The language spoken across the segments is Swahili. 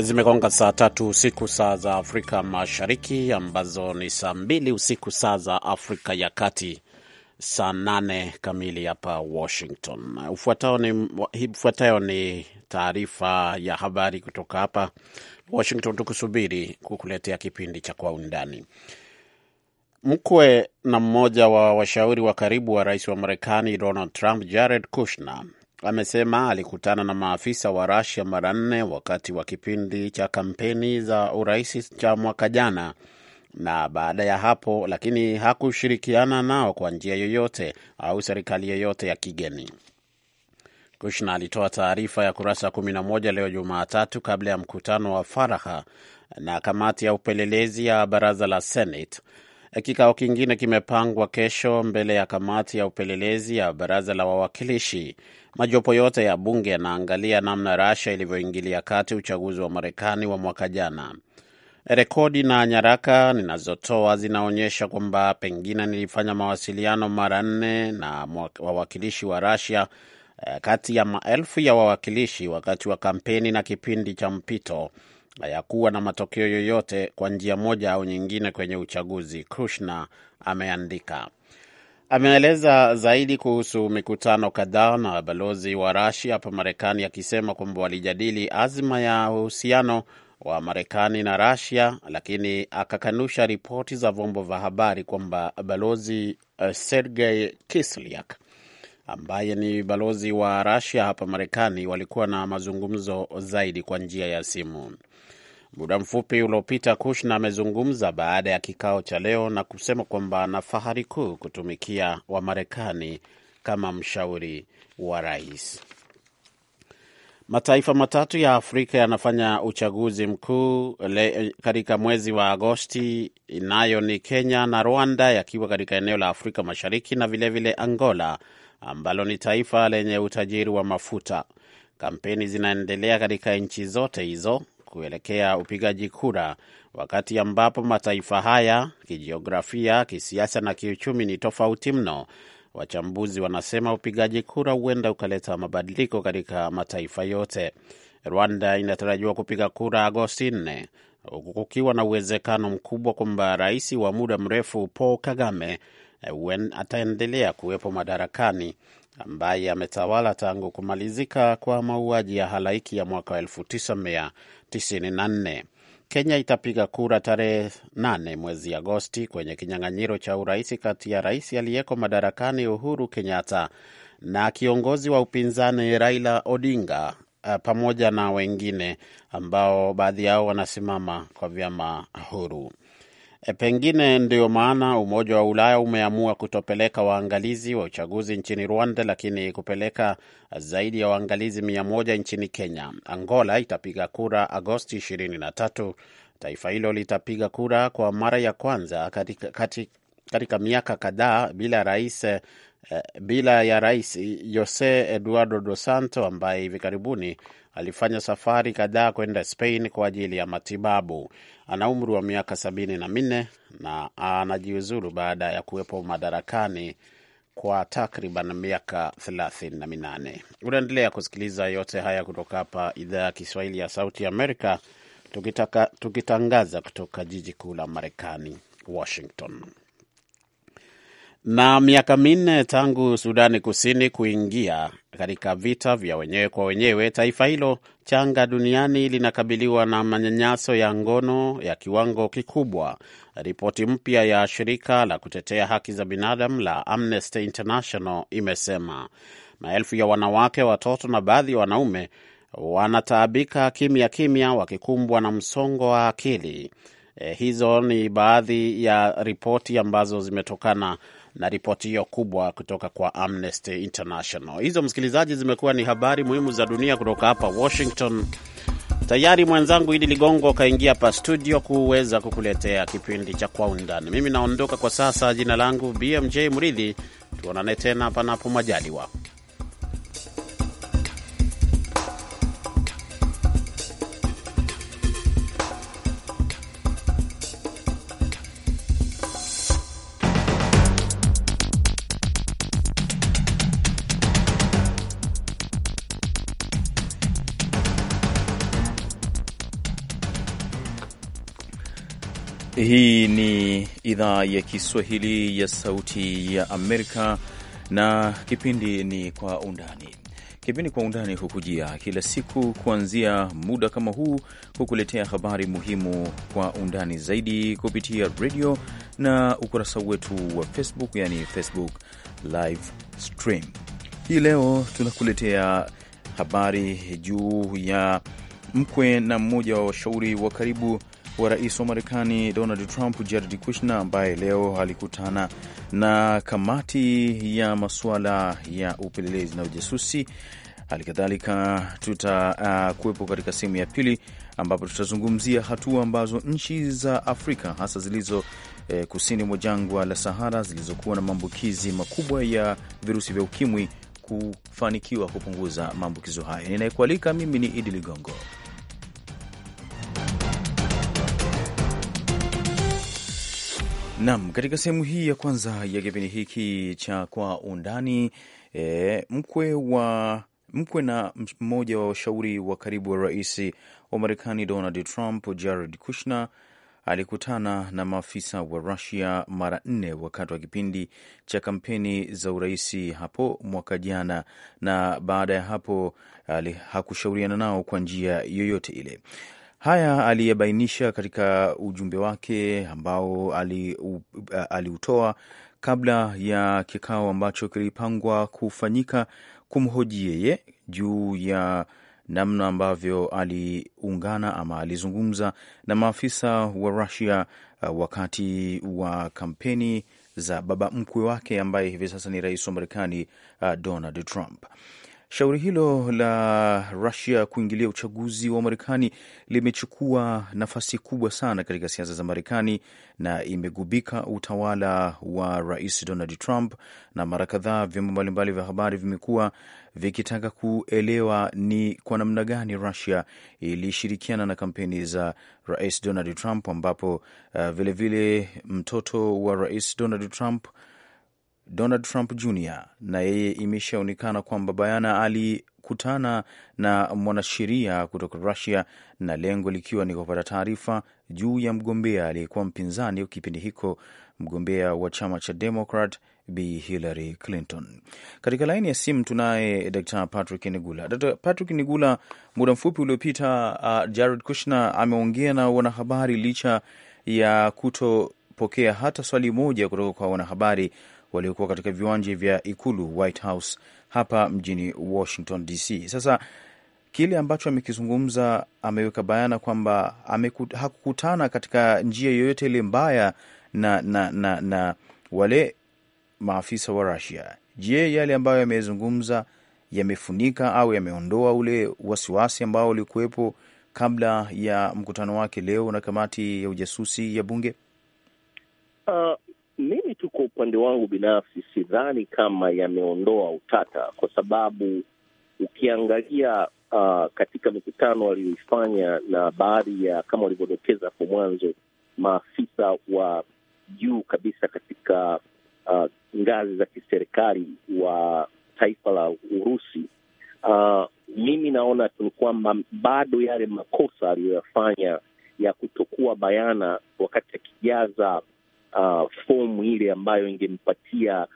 Zimegonga saa tatu usiku saa za Afrika Mashariki, ambazo ni saa mbili usiku saa za Afrika ya Kati, saa nane kamili hapa Washington. Ufuatayo ni, ni taarifa ya habari kutoka hapa Washington, tukusubiri kukuletea kipindi cha Kwa Undani. Mkwe na mmoja wa washauri wa karibu wa rais wa Marekani Donald Trump, Jared Kushner amesema alikutana na maafisa wa Rasia mara nne wakati wa kipindi cha kampeni za urais cha mwaka jana na baada ya hapo, lakini hakushirikiana nao kwa njia yoyote au serikali yoyote ya kigeni. Kushna alitoa taarifa ya kurasa 11 leo Jumatatu kabla ya mkutano wa faraha na kamati ya upelelezi ya baraza la Senate Kikao kingine kimepangwa kesho mbele ya kamati ya upelelezi ya baraza la wawakilishi. Majopo yote ya bunge yanaangalia namna Russia ilivyoingilia kati uchaguzi wa Marekani wa mwaka jana. Rekodi na nyaraka ninazotoa zinaonyesha kwamba pengine nilifanya mawasiliano mara nne na wawakilishi wa Russia eh, kati ya maelfu ya wawakilishi wakati wa kampeni na kipindi cha mpito hayakuwa na matokeo yoyote kwa njia moja au nyingine kwenye uchaguzi, krushna ameandika. Ameeleza zaidi kuhusu mikutano kadhaa na balozi wa Rasia hapa Marekani, akisema kwamba walijadili azma ya uhusiano wa Marekani na Rasia, lakini akakanusha ripoti za vyombo vya habari kwamba balozi uh, Sergei Kisliak ambaye ni balozi wa rasia hapa Marekani walikuwa na mazungumzo zaidi kwa njia ya simu. Muda mfupi uliopita, Kushna amezungumza baada ya kikao cha leo na kusema kwamba ana fahari kuu kutumikia Wamarekani kama mshauri wa rais. Mataifa matatu ya Afrika yanafanya uchaguzi mkuu katika mwezi wa Agosti, nayo ni Kenya na Rwanda, yakiwa katika eneo la Afrika Mashariki na vilevile vile Angola ambalo ni taifa lenye utajiri wa mafuta. Kampeni zinaendelea katika nchi zote hizo kuelekea upigaji kura, wakati ambapo mataifa haya kijiografia, kisiasa na kiuchumi ni tofauti mno. Wachambuzi wanasema upigaji kura huenda ukaleta mabadiliko katika mataifa yote. Rwanda inatarajiwa kupiga kura Agosti 4 huku kukiwa na uwezekano mkubwa kwamba rais wa muda mrefu Paul Kagame Eh, Wen ataendelea kuwepo madarakani ambaye ametawala tangu kumalizika kwa mauaji ya halaiki ya mwaka 1994. Kenya itapiga kura tarehe 8 mwezi Agosti kwenye kinyang'anyiro cha urais kati ya rais aliyeko madarakani Uhuru Kenyatta na kiongozi wa upinzani Raila Odinga eh, pamoja na wengine ambao baadhi yao wanasimama kwa vyama huru. E, pengine ndio maana Umoja wa Ulaya umeamua kutopeleka waangalizi wa uchaguzi nchini Rwanda, lakini kupeleka zaidi ya waangalizi mia moja nchini Kenya. Angola itapiga kura Agosti 23. Taifa hilo litapiga kura kwa mara ya kwanza katika, katika, katika miaka kadhaa bila rais Eh, bila ya Rais Jose Eduardo Dos Santos ambaye hivi karibuni alifanya safari kadhaa kwenda Spain kwa ajili ya matibabu. Ana umri wa miaka sabini na minne na anajiuzulu baada ya kuwepo madarakani kwa takriban miaka thelathini na minane. Unaendelea kusikiliza yote haya kutoka hapa idhaa ya Kiswahili ya Sauti ya Amerika, tukitangaza kutoka jiji kuu la Marekani, Washington. Na miaka minne tangu Sudani Kusini kuingia katika vita vya wenyewe kwa wenyewe, taifa hilo changa duniani linakabiliwa na manyanyaso ya ngono ya kiwango kikubwa. Ripoti mpya ya shirika la kutetea haki za binadamu la Amnesty International imesema maelfu ya wanawake, watoto na baadhi ya wanaume wanataabika kimya kimya, wakikumbwa na msongo wa akili. Eh, hizo ni baadhi ya ripoti ambazo zimetokana na ripoti hiyo kubwa kutoka kwa Amnesty International. Hizo msikilizaji, zimekuwa ni habari muhimu za dunia kutoka hapa Washington. Tayari mwenzangu Idi Ligongo kaingia hapa studio kuweza kukuletea kipindi cha Kwa Undani. Mimi naondoka kwa sasa, jina langu BMJ Mridhi. Tuonane tena panapo majaliwa. Hii ni idhaa ya Kiswahili ya Sauti ya Amerika na kipindi ni Kwa Undani. Kipindi Kwa Undani hukujia kila siku kuanzia muda kama huu, hukuletea habari muhimu kwa undani zaidi kupitia redio na ukurasa wetu wa Facebook, yani Facebook live stream. Hii leo tunakuletea habari juu ya mkwe na mmoja wa washauri wa karibu wa rais wa Marekani Donald Trump, Jared Kushner, ambaye leo alikutana na kamati ya masuala ya upelelezi na ujasusi. Hali kadhalika tutakuwepo uh, katika sehemu ya pili ambapo tutazungumzia hatua ambazo nchi za Afrika hasa zilizo eh, kusini mwa jangwa la Sahara zilizokuwa na maambukizi makubwa ya virusi vya ukimwi kufanikiwa kupunguza maambukizo hayo. Ninayekualika mimi ni Idi Ligongo. Naam, katika sehemu hii ya kwanza ya kipindi hiki cha Kwa Undani, e, mkwe wa mkwe na mmoja wa washauri wa karibu wa rais wa Marekani Donald Trump, Jared Kushner alikutana na maafisa wa Rusia mara nne wakati wa kipindi cha kampeni za urais hapo mwaka jana, na baada ya hapo hakushauriana nao kwa njia yoyote ile. Haya aliyebainisha katika ujumbe wake ambao aliutoa ali kabla ya kikao ambacho kilipangwa kufanyika kumhoji yeye juu ya namna ambavyo aliungana ama alizungumza na maafisa wa Rusia wakati wa kampeni za baba mkwe wake ambaye hivi sasa ni rais wa Marekani, Donald Trump. Shauri hilo la Rusia kuingilia uchaguzi wa Marekani limechukua nafasi kubwa sana katika siasa za Marekani na imegubika utawala wa Rais Donald Trump, na mara kadhaa vyombo mbalimbali vya habari vimekuwa vikitaka kuelewa ni kwa namna gani Rusia ilishirikiana na kampeni za Rais Donald Trump, ambapo vilevile eh, uh, vile mtoto wa Rais Donald Trump Donald Trump Jr na yeye imeshaonekana kwamba bayana alikutana na mwanasheria kutoka Rusia, na lengo likiwa ni kupata taarifa juu ya mgombea aliyekuwa mpinzani kipindi hicho, mgombea wa chama cha Democrat b Hillary Clinton. Katika laini ya simu tunaye Dr Patrick Nigula. Dr Patrick Nigula, muda mfupi uliopita, uh, Jared Kushner ameongea na wanahabari licha ya kutopokea hata swali moja kutoka kwa wanahabari waliokuwa katika viwanja vya ikulu White House hapa mjini Washington DC. Sasa kile ambacho amekizungumza, ameweka bayana kwamba hakukutana katika njia yoyote ile mbaya na, na, na, na wale maafisa wa Russia. Je, yale ambayo yamezungumza yamefunika au yameondoa ule wasiwasi ambao ulikuwepo kabla ya mkutano wake leo na kamati ya ujasusi ya bunge? kitu kwa upande wangu binafsi sidhani kama yameondoa utata, kwa sababu ukiangalia uh, katika mikutano aliyoifanya na baadhi ya kama walivyodokeza hapo mwanzo, maafisa wa juu kabisa katika uh, ngazi za kiserikali wa taifa la Urusi, uh, mimi naona tu ni kwamba bado yale makosa aliyoyafanya ya kutokuwa bayana wakati akijaza uh, fomu ile ambayo ingempatia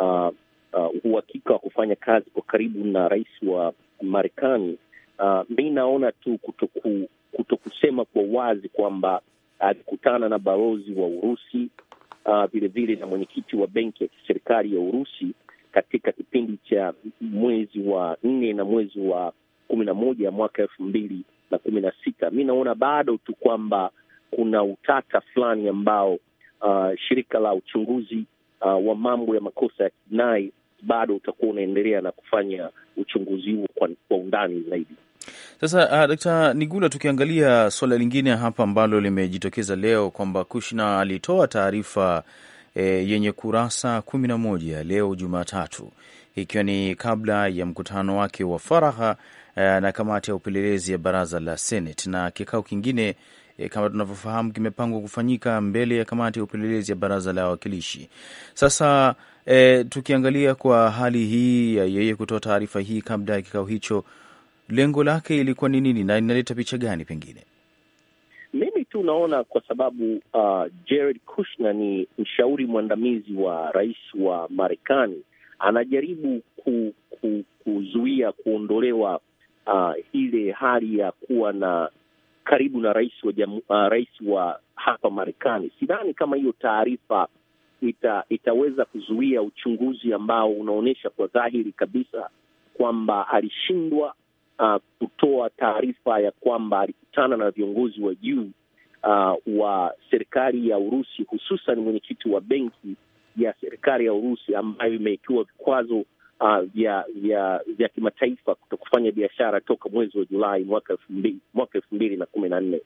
uh, uh, uhakika wa kufanya kazi kwa karibu na rais wa Marekani. Uh, mi naona tu kutoku, kutokusema kwa wazi kwamba alikutana na balozi wa Urusi vilevile uh, na mwenyekiti wa benki ya kiserikali ya Urusi katika kipindi cha mwezi wa nne na mwezi wa kumi na moja mwaka elfu mbili na kumi na sita. Mi naona bado tu kwamba kuna utata fulani ambao uh, shirika la uchunguzi uh, wa mambo ya makosa ya kinai bado utakuwa unaendelea na kufanya uchunguzi huo kwa, kwa undani zaidi. Sasa uh, Dkt. Nigula, tukiangalia suala lingine hapa ambalo limejitokeza leo kwamba Kushna alitoa taarifa e, yenye kurasa kumi na moja leo Jumatatu, ikiwa ni kabla ya mkutano wake wa e, na kamati ya upelelezi ya baraza la Seneti na kikao kingine e, kama tunavyofahamu kimepangwa kufanyika mbele ya kamati ya upelelezi ya baraza la wawakilishi. Sasa e, tukiangalia kwa hali hii ya yeye kutoa taarifa hii kabla ya kikao hicho, lengo lake ilikuwa ni nini na inaleta picha gani? Pengine mimi tu naona kwa sababu uh, Jared Kushner ni mshauri mwandamizi wa rais wa Marekani anajaribu ku, ku, kuzuia kuondolewa uh, ile hali ya kuwa na karibu na rais wa jamu, uh, rais wa hapa Marekani. Sidhani kama hiyo taarifa ita, itaweza kuzuia uchunguzi ambao unaonyesha kwa dhahiri kabisa kwamba alishindwa uh, kutoa taarifa ya kwamba alikutana na viongozi wa juu uh, wa serikali ya Urusi, hususan mwenyekiti wa benki ya serikali ya Urusi ambayo imewekiwa vikwazo uh, vya vya vya kimataifa kuto kufanya biashara toka mwezi wa Julai mwaka elfu mbili na kumi na nne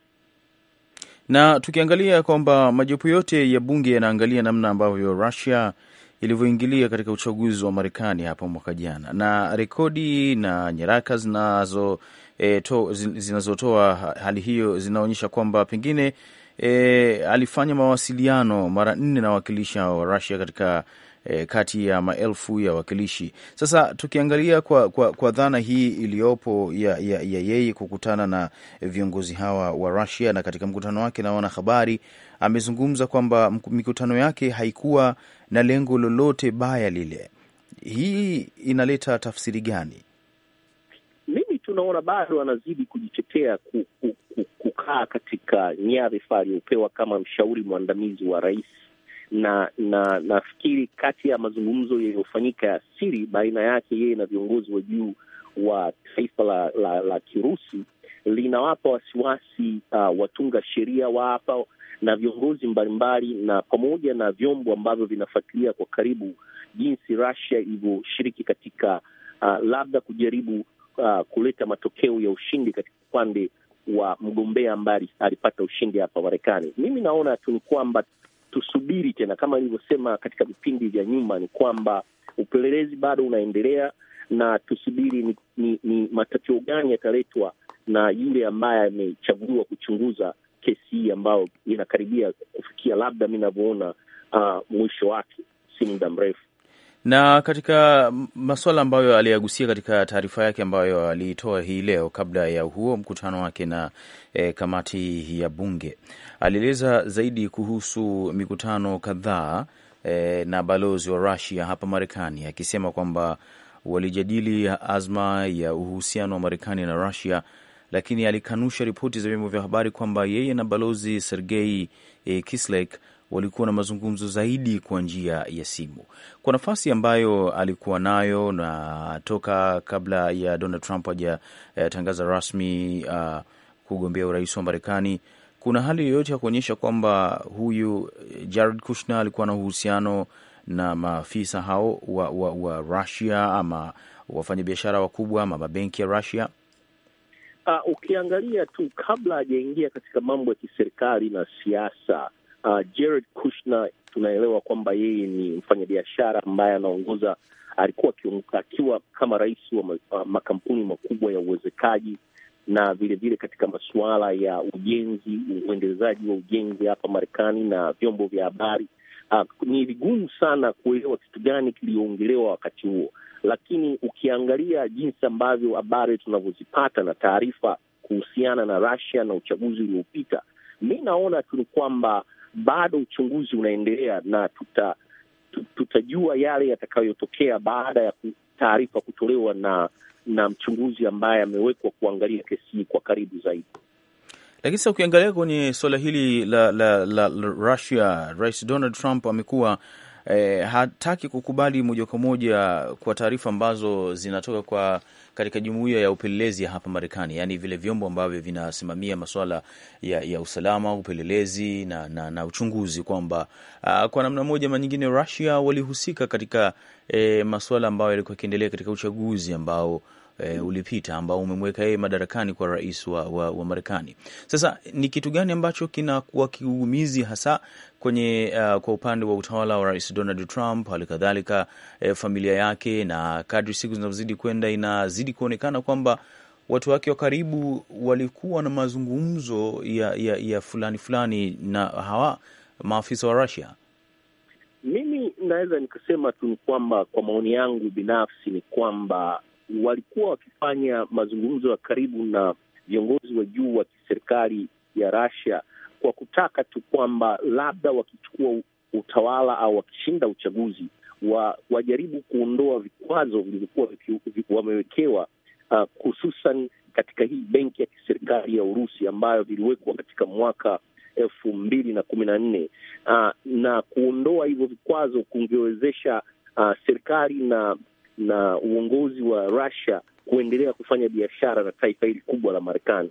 na tukiangalia kwamba majopo yote ya bunge yanaangalia namna ambavyo Russia ilivyoingilia katika uchaguzi wa Marekani hapo mwaka jana, na rekodi na nyaraka zinazo e, zinazotoa hali hiyo zinaonyesha kwamba pengine e, alifanya mawasiliano mara nne na wawakilishi wa rasia katika e, kati ya maelfu ya wawakilishi. Sasa tukiangalia kwa, kwa, kwa dhana hii iliyopo ya, ya, ya yeye kukutana na viongozi hawa wa rasia na katika mkutano wake na wanahabari amezungumza kwamba mikutano yake haikuwa na lengo lolote baya lile. Hii inaleta tafsiri gani? unaona bado anazidi kujitetea ku, ku, ku, kukaa katika nyadhifa aliyopewa kama mshauri mwandamizi wa rais, na na nafikiri kati ya mazungumzo yaliyofanyika ya siri baina yake yeye na viongozi wa juu wa taifa la, la, la Kirusi linawapa wasiwasi uh, watunga sheria wa hapa na viongozi mbalimbali na pamoja na vyombo ambavyo vinafuatilia kwa karibu jinsi Russia ilivyoshiriki katika uh, labda kujaribu uh, kuleta matokeo ya ushindi katika upande wa mgombea ambaye alipata ushindi hapa Marekani. Mimi naona tu ni kwamba tusubiri tena, kama ilivyosema katika vipindi vya nyuma, ni kwamba upelelezi bado unaendelea na tusubiri ni, ni, ni matokeo gani yataletwa na yule ambaye amechaguliwa kuchunguza kesi hii ambayo inakaribia kufikia labda mi navyoona, uh, mwisho wake si muda mrefu. Na katika masuala ambayo aliyagusia katika taarifa yake ambayo aliitoa hii leo kabla ya huo mkutano wake na e, kamati ya bunge, alieleza zaidi kuhusu mikutano kadhaa e, na balozi wa Rusia hapa Marekani, akisema kwamba walijadili azma ya uhusiano wa Marekani na Rusia, lakini alikanusha ripoti za vyombo vya habari kwamba yeye na balozi Sergei e, Kislyak walikuwa na mazungumzo zaidi kwa njia ya simu, kwa nafasi ambayo alikuwa nayo na toka kabla ya Donald Trump hajatangaza rasmi uh, kugombea urais wa Marekani. Kuna hali yoyote ya kuonyesha kwamba huyu eh, Jared Kushner alikuwa na uhusiano na maafisa hao wa, wa, wa Russia ama wafanyabiashara wakubwa ama mabenki ya Russia? Uh, ukiangalia tu kabla hajaingia katika mambo ya kiserikali na siasa uh, Jared Kushner tunaelewa kwamba yeye ni mfanyabiashara ambaye anaongoza, alikuwa akiwa kama rais wa uh, makampuni makubwa ya uwezekaji na vilevile vile katika masuala ya ujenzi, uendelezaji wa ujenzi hapa Marekani na vyombo vya habari. Uh, ni vigumu sana kuelewa kitu gani kiliyoongelewa wakati huo, lakini ukiangalia jinsi ambavyo habari tunavyozipata na taarifa kuhusiana na Russia na uchaguzi uliopita, mi naona tu ni kwamba bado uchunguzi unaendelea na tuta, tutajua yale yatakayotokea baada ya taarifa kutolewa na na mchunguzi ambaye amewekwa kuangalia kesi hii kwa karibu zaidi. Lakini sasa ukiangalia kwenye suala hili la, la, la, la Russia, Rais Donald Trump amekuwa e, hataki kukubali moja kwa moja kwa taarifa ambazo zinatoka kwa katika jumuiya ya upelelezi ya hapa Marekani, yaani vile vyombo ambavyo vinasimamia masuala ya, ya usalama, upelelezi na, na, na uchunguzi, kwamba ah, kwa namna moja ama nyingine Russia walihusika katika e, masuala ambayo yalikuwa yakiendelea katika uchaguzi ambao E, ulipita ambao umemweka yeye madarakani kwa rais wa, wa, wa Marekani. Sasa ni kitu gani ambacho kinakuwa kiugumizi hasa kwenye uh, kwa upande wa utawala wa Rais Donald Trump, hali kadhalika eh, familia yake, na kadri siku zinazozidi kwenda inazidi kuonekana kwamba watu wake wa karibu walikuwa na mazungumzo ya, ya, ya fulani fulani na hawa maafisa wa Russia. Mimi naweza nikasema tu ni kwamba kwa maoni yangu binafsi ni kwamba walikuwa wakifanya mazungumzo ya karibu na viongozi wa juu wa kiserikali ya Russia kwa kutaka tu kwamba labda wakichukua utawala au wakishinda uchaguzi wa, wajaribu kuondoa vikwazo vilivyokuwa wamewekewa uh, hususan uh, katika hii benki ya kiserikali ya Urusi ambayo viliwekwa katika mwaka elfu mbili na kumi na nne uh, na kuondoa hivyo vikwazo kungewezesha uh, serikali na na uongozi wa Russia kuendelea kufanya biashara na taifa hili kubwa la Marekani.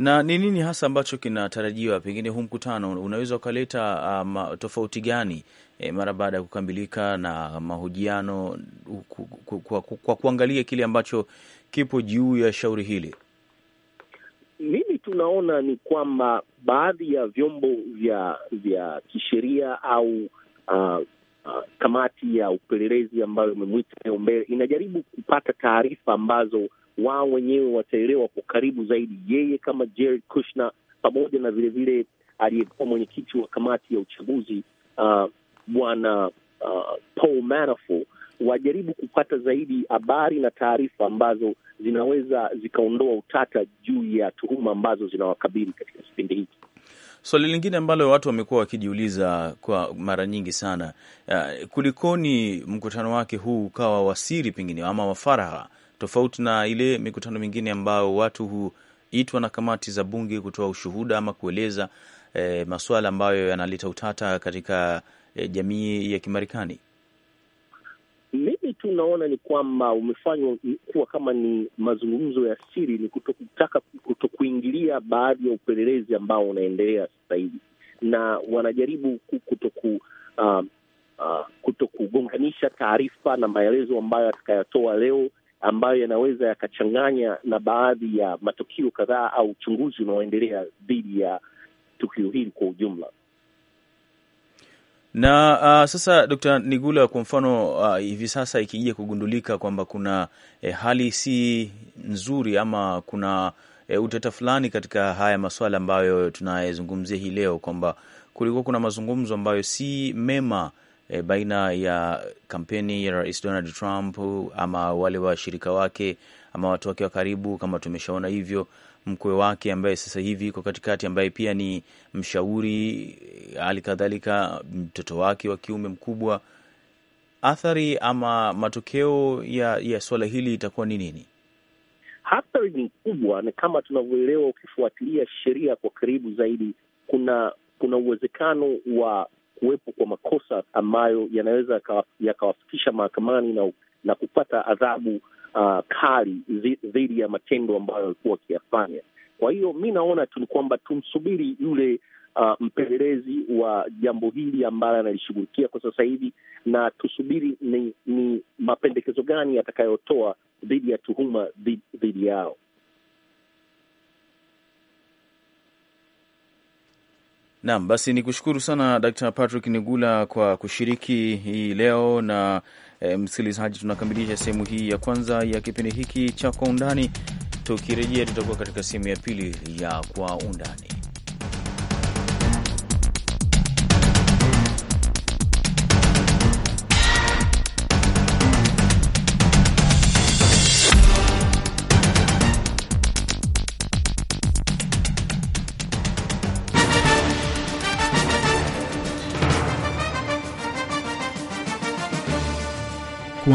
Na ni nini hasa ambacho kinatarajiwa, pengine huu mkutano unaweza ukaleta um, tofauti gani e, mara baada ya kukamilika na mahojiano kwa, kwa, kwa, kuangalia kile ambacho kipo juu ya shauri hili? Mimi tunaona ni kwamba baadhi ya vyombo vya vya kisheria au uh, Uh, kamati ya upelelezi ambayo imemwita leo mbele inajaribu kupata taarifa ambazo wao wenyewe wataelewa kwa karibu zaidi, yeye kama Jared Kushner pamoja na vilevile aliyekuwa mwenyekiti wa kamati ya uchaguzi uh, bwana uh, uh, Paul Manafort wajaribu kupata zaidi habari na taarifa ambazo zinaweza zikaondoa utata juu ya tuhuma ambazo zinawakabili katika kipindi hiki. Swali so, lingine ambalo watu wamekuwa wakijiuliza kwa mara nyingi sana uh, kulikoni mkutano wake huu ukawa wa siri pengine ama wa faragha tofauti na ile mikutano mingine ambayo watu huitwa na kamati za bunge kutoa ushuhuda ama kueleza e, eh, masuala ambayo yanaleta utata katika e, jamii ya Kimarekani. Mimi tu naona ni kwamba umefanywa kuwa kama ni mazungumzo ya siri, ni kutotaka kuto kuingilia baadhi ya upelelezi ambao unaendelea sasa hivi, na wanajaribu kutoku uh, ah, uh, ah, kuto kugonganisha taarifa na maelezo ambayo atakayatoa leo ambayo yanaweza yakachanganya na baadhi ya matukio kadhaa au uchunguzi unaoendelea dhidi ya tukio hili kwa ujumla na uh, sasa d Nigula, kwa mfano uh, hivi sasa ikija kugundulika kwamba kuna eh, hali si nzuri ama kuna eh, utata fulani katika haya masuala ambayo tunayezungumzia hii leo, kwamba kulikuwa kuna mazungumzo ambayo si mema e, baina ya kampeni ya Rais Donald Trump ama wale washirika wake ama watu wake wa karibu, kama tumeshaona hivyo mkwe wake ambaye sasa hivi iko katikati, ambaye pia ni mshauri, hali kadhalika mtoto wake wa kiume mkubwa. Athari ama matokeo ya, ya suala hili itakuwa ni nini? Athari ni kubwa, ni kama tunavyoelewa, ukifuatilia sheria kwa karibu zaidi, kuna kuna uwezekano wa kuwepo kwa makosa ambayo yanaweza yakawafikisha mahakamani na, na kupata adhabu uh, kali dhidi ya matendo ambayo walikuwa wakiyafanya. Kwa hiyo mi naona tu ni kwamba tumsubiri yule uh, mpelelezi wa jambo hili ambalo analishughulikia kwa sasa hivi, na tusubiri ni, ni mapendekezo gani yatakayotoa dhidi ya tuhuma dhidi yao. Naam, basi ni kushukuru sana Dr. Patrick Nigula kwa kushiriki hii leo na e, msikilizaji, tunakamilisha sehemu hii ya kwanza ya kipindi hiki cha Kwa Undani. Tukirejea tutakuwa katika sehemu ya pili ya Kwa Undani.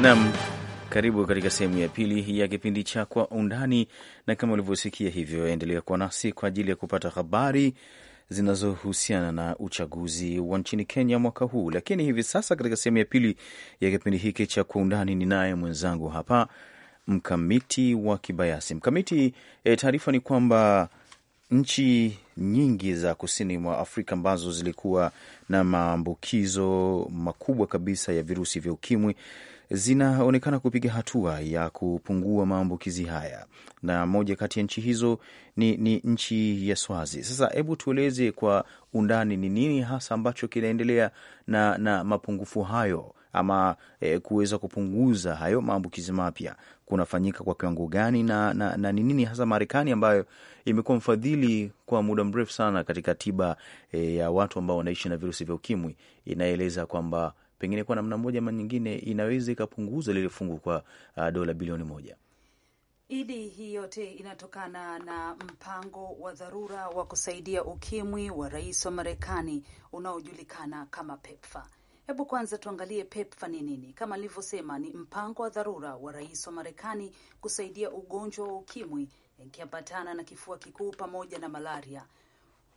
nam karibu katika sehemu ya pili ya kipindi cha Kwa Undani, na kama ulivyosikia hivyo, endelea kuwa nasi kwa ajili ya kupata habari zinazohusiana na uchaguzi wa nchini Kenya mwaka huu. Lakini hivi sasa katika sehemu ya pili ya kipindi hiki cha Kwa Undani, ninaye mwenzangu hapa Mkamiti wa Kibayasi. Mkamiti, e, taarifa ni kwamba nchi nyingi za kusini mwa Afrika ambazo zilikuwa na maambukizo makubwa kabisa ya virusi vya ukimwi zinaonekana kupiga hatua ya kupungua maambukizi haya, na moja kati ya nchi hizo ni, ni nchi ya Swazi. Sasa hebu tueleze kwa undani ni nini hasa ambacho kinaendelea na, na mapungufu hayo ama e, kuweza kupunguza hayo maambukizi mapya kunafanyika kwa kiwango gani, na, na, na ni nini hasa Marekani ambayo imekuwa mfadhili kwa muda mrefu sana katika tiba e, ya watu ambao wanaishi na virusi vya ukimwi inaeleza kwamba pengine kwa namna moja ama nyingine inaweza ikapunguza lile fungu kwa uh, dola bilioni moja. Idi, hii yote inatokana na mpango wa dharura wa kusaidia ukimwi wa rais wa Marekani unaojulikana kama PEPFAR. Hebu kwanza tuangalie pepfa ni nini. Kama nilivyosema, ni mpango wa dharura wa rais wa Marekani kusaidia ugonjwa wa ukimwi ikiambatana na kifua kikuu pamoja na malaria.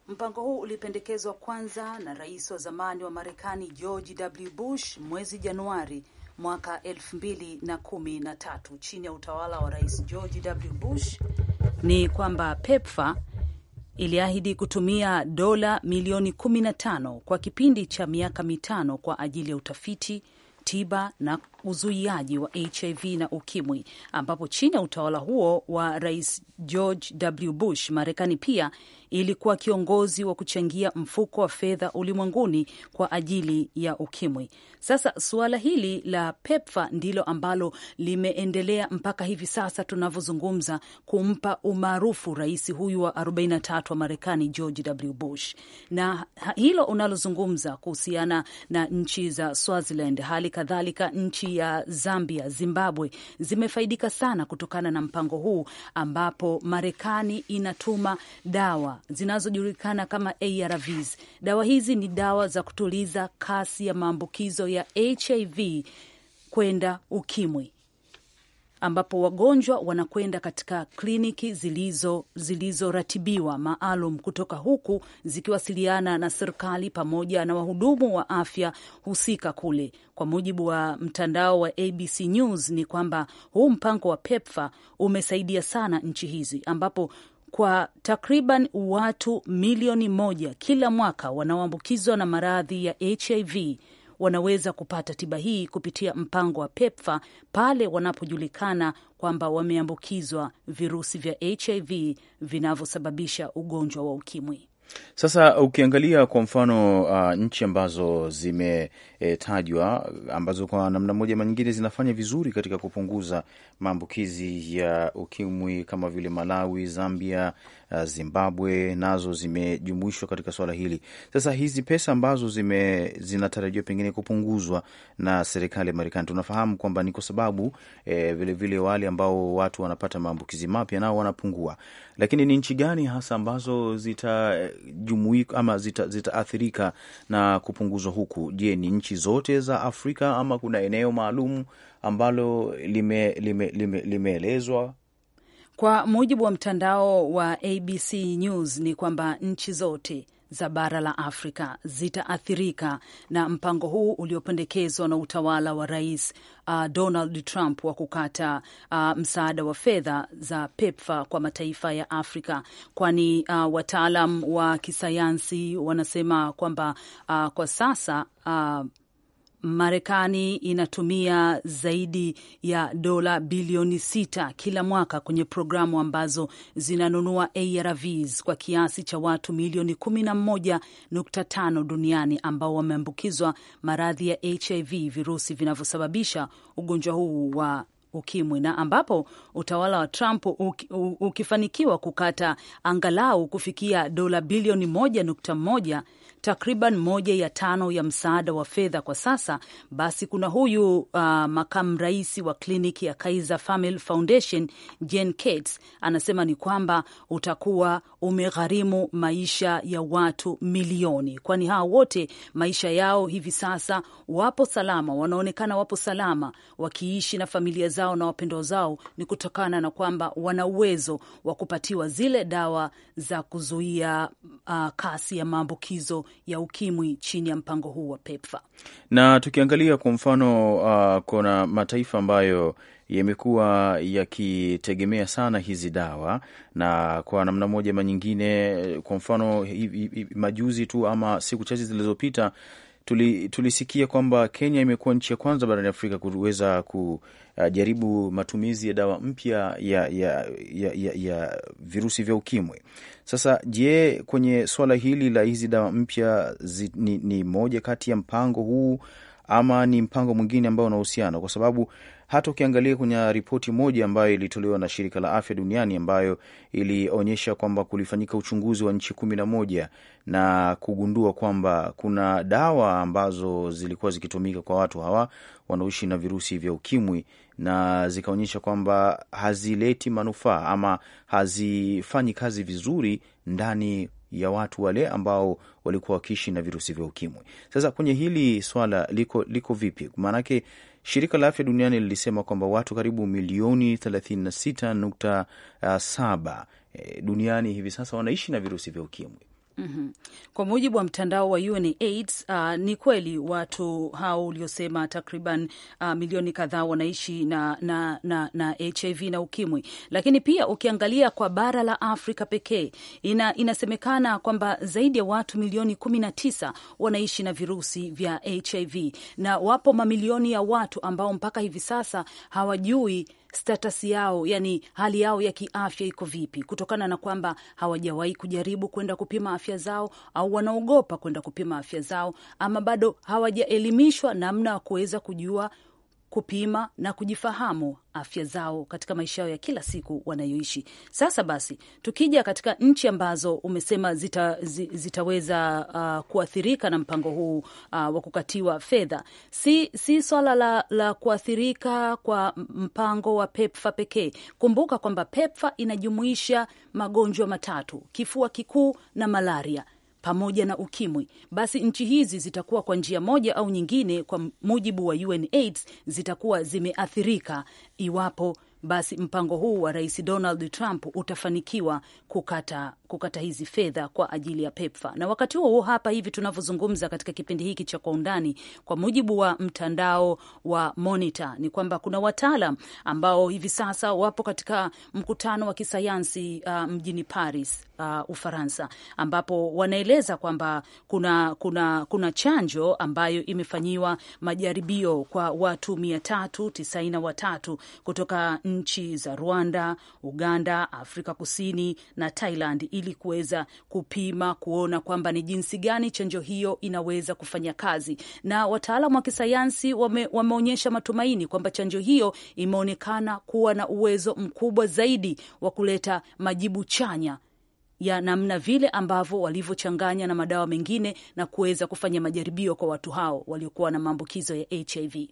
Mpango huu ulipendekezwa kwanza na rais wa zamani wa Marekani George W. Bush mwezi Januari mwaka elfu mbili na kumi na tatu chini ya utawala wa rais George W. Bush. Ni kwamba PEPFA iliahidi kutumia dola milioni 15 kwa kipindi cha miaka mitano kwa ajili ya utafiti, tiba na uzuiaji wa HIV na ukimwi, ambapo chini ya utawala huo wa Rais George W. Bush, Marekani pia ilikuwa kiongozi wa kuchangia mfuko wa fedha ulimwenguni kwa ajili ya ukimwi. Sasa suala hili la pepfa ndilo ambalo limeendelea mpaka hivi sasa tunavyozungumza, kumpa umaarufu rais huyu wa 43 wa Marekani, George W. Bush. Na hilo unalozungumza kuhusiana na nchi za Swaziland, hali kadhalika nchi ya Zambia, Zimbabwe zimefaidika sana kutokana na mpango huu, ambapo Marekani inatuma dawa zinazojulikana kama ARVs. Dawa hizi ni dawa za kutuliza kasi ya maambukizo ya HIV kwenda ukimwi ambapo wagonjwa wanakwenda katika kliniki zilizoratibiwa zilizo maalum kutoka huku zikiwasiliana na serikali pamoja na wahudumu wa afya husika kule. Kwa mujibu wa mtandao wa ABC News ni kwamba huu mpango wa pepfa umesaidia sana nchi hizi ambapo kwa takriban watu milioni moja kila mwaka wanaoambukizwa na maradhi ya HIV wanaweza kupata tiba hii kupitia mpango wa pepfa pale wanapojulikana kwamba wameambukizwa virusi vya HIV vinavyosababisha ugonjwa wa ukimwi. Sasa ukiangalia kwa mfano uh, nchi ambazo zimetajwa e, ambazo kwa namna moja ama nyingine zinafanya vizuri katika kupunguza maambukizi ya ukimwi kama vile Malawi, Zambia, uh, Zimbabwe nazo zimejumuishwa katika swala hili. Sasa hizi pesa ambazo zime, zinatarajiwa pengine kupunguzwa na serikali ya Marekani, tunafahamu kwamba ni kwa sababu vilevile eh, vile wale ambao watu wanapata maambukizi mapya nao wanapungua, lakini ni nchi gani hasa ambazo zita zitajumuika ama zitaathirika zita na kupunguzwa huku. Je, ni nchi zote za Afrika ama kuna eneo maalum ambalo limeelezwa lime, lime, lime kwa mujibu wa mtandao wa ABC News ni kwamba nchi zote za bara la Afrika zitaathirika na mpango huu uliopendekezwa na utawala wa Rais uh, Donald Trump wa kukata uh, msaada wa fedha za pepfa kwa mataifa ya Afrika, kwani uh, wataalam wa kisayansi wanasema kwamba uh, kwa sasa uh, Marekani inatumia zaidi ya dola bilioni sita kila mwaka kwenye programu ambazo zinanunua ARVs kwa kiasi cha watu milioni 11.5 duniani ambao wameambukizwa maradhi ya HIV, virusi vinavyosababisha ugonjwa huu wa ukimwi na ambapo utawala wa Trump ukifanikiwa kukata angalau kufikia dola bilioni moja nukta moja takriban moja ya tano ya msaada wa fedha kwa sasa, basi kuna huyu uh, makamu rais wa kliniki ya Kaiser Family Foundation Jen Kates anasema ni kwamba utakuwa umegharimu maisha ya watu milioni, kwani hawa wote maisha yao hivi sasa wapo salama, wanaonekana wapo salama wakiishi na familia zao na wapendwa zao, ni kutokana na kwamba wana uwezo wa kupatiwa zile dawa za kuzuia uh, kasi ya maambukizo ya ukimwi chini ya mpango huu wa PEPFA. Na tukiangalia kwa mfano uh, kuna mataifa ambayo yamekuwa yakitegemea sana hizi dawa na kwa namna moja ama nyingine. Kwa mfano majuzi tu ama siku chache zilizopita tuli, tulisikia kwamba Kenya imekuwa nchi ya kwanza barani Afrika kuweza kujaribu matumizi ya dawa mpya ya, ya, ya, ya, ya virusi vya ukimwi. Sasa je, kwenye suala hili la hizi dawa mpya ni, ni moja kati ya mpango huu ama ni mpango mwingine ambao unahusiana, kwa sababu hata ukiangalia kwenye ripoti moja ambayo ilitolewa na shirika la afya duniani ambayo ilionyesha kwamba kulifanyika uchunguzi wa nchi kumi na moja na kugundua kwamba kuna dawa ambazo zilikuwa zikitumika kwa watu hawa wanaoishi na virusi vya ukimwi na zikaonyesha kwamba hazileti manufaa ama hazifanyi kazi vizuri ndani ya watu wale ambao walikuwa wakiishi na virusi vya ukimwi. Sasa kwenye hili swala liko, liko vipi? Maanake Shirika la Afya Duniani lilisema kwamba watu karibu milioni 36.7 ah, eh, duniani hivi sasa wanaishi na virusi vya ukimwi. Mm -hmm. Kwa mujibu wa mtandao wa UNAIDS, uh, ni kweli watu hao uliosema takriban uh, milioni kadhaa wanaishi na, na, na, na HIV na ukimwi, lakini pia ukiangalia kwa bara la Afrika pekee ina, inasemekana kwamba zaidi ya watu milioni kumi na tisa wanaishi na virusi vya HIV na wapo mamilioni ya watu ambao mpaka hivi sasa hawajui status yao, yani hali yao ya kiafya iko vipi, kutokana na kwamba hawajawahi kujaribu kwenda kupima afya zao, au wanaogopa kwenda kupima afya zao, ama bado hawajaelimishwa namna ya kuweza kujua kupima na kujifahamu afya zao katika maisha yao ya kila siku wanayoishi. Sasa basi, tukija katika nchi ambazo umesema zita, zitaweza uh, kuathirika na mpango huu uh, wa kukatiwa fedha, si, si swala la, la kuathirika kwa mpango wa PEPFA pekee. Kumbuka kwamba PEPFA inajumuisha magonjwa matatu: kifua kikuu na malaria pamoja na ukimwi, basi nchi hizi zitakuwa kwa njia moja au nyingine, kwa mujibu wa UNAIDS, zitakuwa zimeathirika iwapo basi mpango huu wa Rais Donald Trump utafanikiwa kukata, kukata hizi fedha kwa ajili ya PEPFA. Na wakati huo huo hapa hivi tunavyozungumza katika kipindi hiki cha Kwa Undani, kwa mujibu wa mtandao wa Monitor ni kwamba kuna wataalam ambao hivi sasa wapo katika mkutano wa kisayansi uh, mjini Paris uh, Ufaransa, ambapo wanaeleza kwamba kuna, kuna, kuna chanjo ambayo imefanyiwa majaribio kwa watu mia tatu tisaini na watatu kutoka nchi za Rwanda, Uganda, Afrika Kusini na Thailand ili kuweza kupima kuona kwamba ni jinsi gani chanjo hiyo inaweza kufanya kazi, na wataalam wa kisayansi wame, wameonyesha matumaini kwamba chanjo hiyo imeonekana kuwa na uwezo mkubwa zaidi wa kuleta majibu chanya ya namna vile ambavyo walivyochanganya na madawa mengine na kuweza kufanya majaribio kwa watu hao waliokuwa na maambukizo ya HIV.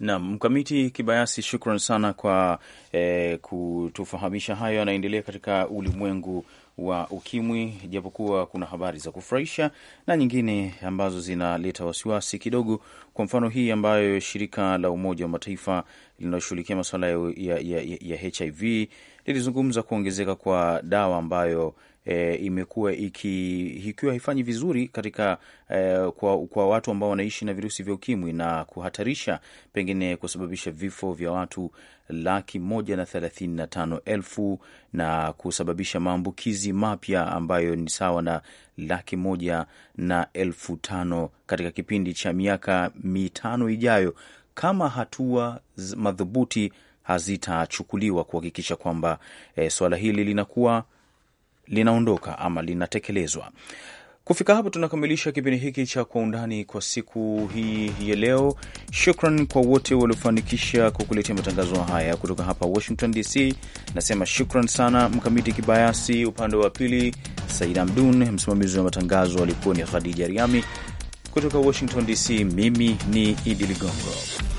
Naam, Mkamiti Kibayasi, shukran sana kwa eh, kutufahamisha hayo yanaendelea katika ulimwengu wa ukimwi, japokuwa kuna habari za kufurahisha na nyingine ambazo zinaleta wasiwasi kidogo. Kwa mfano hii ambayo shirika la Umoja wa Mataifa linaloshughulikia masuala ya, ya, ya, ya HIV lilizungumza kuongezeka kwa dawa ambayo e, imekuwa iki, ikiwa haifanyi vizuri katika e, kwa, kwa watu ambao wanaishi na virusi vya ukimwi na kuhatarisha pengine kusababisha vifo vya watu laki moja na thelathini na tano elfu na kusababisha maambukizi mapya ambayo ni sawa na laki moja na elfu tano katika kipindi cha miaka mitano ijayo kama hatua madhubuti hazitachukuliwa kuhakikisha kwamba e, suala hili linakuwa linaondoka ama linatekelezwa. Kufika hapo tunakamilisha kipindi hiki cha Kwa Undani kwa siku hii ya leo. Shukran kwa wote waliofanikisha kukuletea matangazo haya kutoka hapa Washington DC. Nasema shukran sana Mkamiti Kibayasi, upande wa pili Said Amdun, msimamizi wa matangazo alikuwa ni Khadija Riami. Kutoka Washington DC, mimi ni Idi Ligongo.